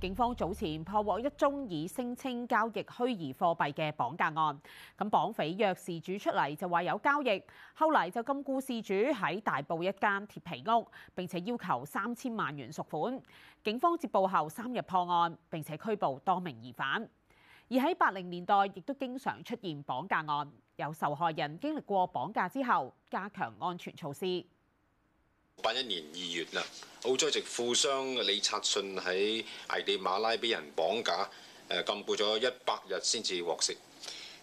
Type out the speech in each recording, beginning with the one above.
警方早前破獲一宗以聲稱交易虛擬貨幣嘅綁架案，咁綁匪約事主出嚟就話有交易，後嚟就禁錮事主喺大埔一間鐵皮屋，並且要求三千萬元贖款。警方接報後三日破案，並且拘捕多名疑犯。而喺八零年代亦都經常出現綁架案，有受害人經歷過綁架之後加強安全措施。八一年二月啦，澳洲籍富商李察信喺危地馬拉畀人綁架，誒禁錮咗一百日先至獲釋。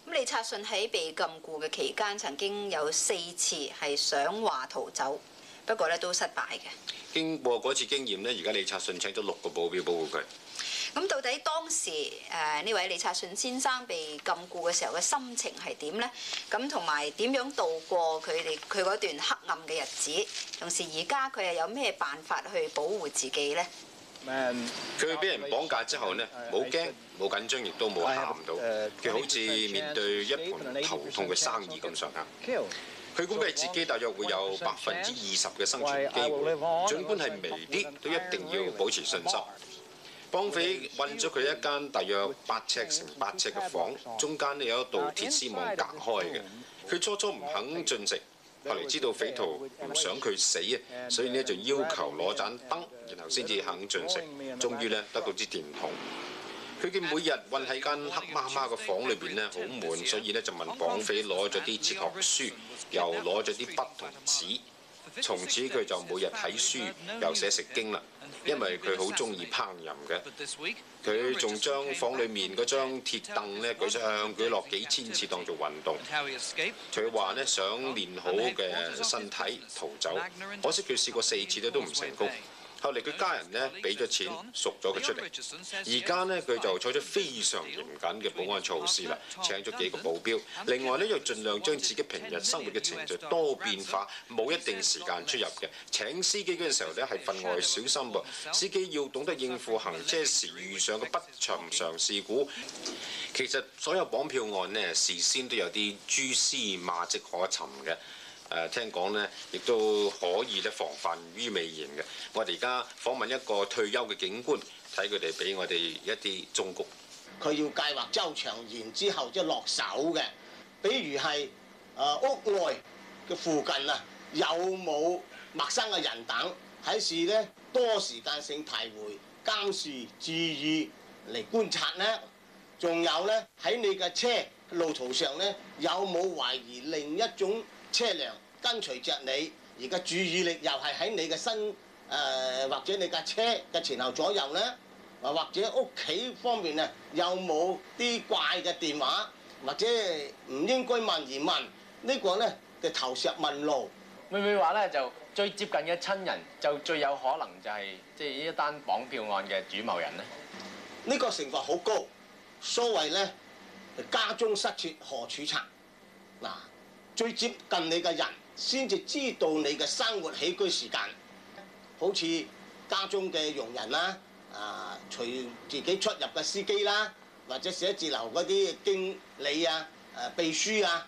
咁李察信喺被禁錮嘅期間，曾經有四次係想話逃走。不過咧都失敗嘅。經過嗰次經驗咧，而家李察信請咗六個保鏢保護佢。咁到底當時誒呢位李察信先生被禁錮嘅時候嘅心情係點咧？咁同埋點樣度過佢哋佢嗰段黑暗嘅日子？同時而家佢又有咩辦法去保護自己咧？佢俾人綁架之後呢，冇驚冇緊張，亦都冇喊到，佢好似面對一盤頭痛嘅生意咁上下。佢估計自己大約會有百分之二十嘅生存機會，儘管係微啲，都一定要保持信心。綁匪困咗佢一間大約八尺乘八尺嘅房，中間呢有一道鐵絲網隔開嘅。佢初初唔肯進食，後嚟知道匪徒唔想佢死啊，所以呢就要求攞盞燈，然後先至肯進食。終於呢，得到支電筒。佢見每日困喺間黑媽媽嘅房裏邊咧，好悶，所以咧就問綁匪攞咗啲哲學書，又攞咗啲筆同紙。從此佢就每日睇書，又寫食經啦。因為佢好中意烹飪嘅，佢仲將房裏面嗰張鐵凳咧舉上舉落幾千次，當做運動。佢話咧想練好嘅身體逃走，可惜佢試過四次咧都唔成功。後嚟佢家人咧俾咗錢，贖咗佢出嚟。而家咧佢就採取非常嚴謹嘅保安措施啦，請咗幾個保鏢。另外咧又盡量將自己平日生活嘅程序多變化，冇一定時間出入嘅。請司機嗰陣時候咧係分外小心噃，司機要懂得應付行車時遇上嘅不尋常事故。其實所有綁票案呢，事先都有啲蛛絲馬跡可尋嘅。誒聽講咧，亦都可以咧防範於未然嘅。我哋而家訪問一個退休嘅警官，睇佢哋俾我哋一啲忠告。佢要計劃周詳，然之後即係落手嘅。比如係誒屋外嘅附近啊，有冇陌生嘅人等？喺事咧多時間性徘徊、監視、注意嚟觀察咧。仲有咧喺你嘅車路途上咧，有冇懷疑另一種？車輛跟隨着你，而家注意力又係喺你嘅身，誒、呃、或者你架車嘅前後左右咧，或或者屋企方面啊，有冇啲怪嘅電話，或者唔應該問而問，這個、呢個咧就投石問路明明，咪咪話咧就最接近嘅親人就最有可能就係即係呢一單綁票案嘅主謀人咧。呢個成罰好高，所謂咧家中失竊何處查嗱。最接近你嘅人，先至知道你嘅生活起居時間，好似家中嘅傭人啦、啊，啊，隨自己出入嘅司機啦、啊，或者寫字樓嗰啲經理啊，誒、啊、秘書啊。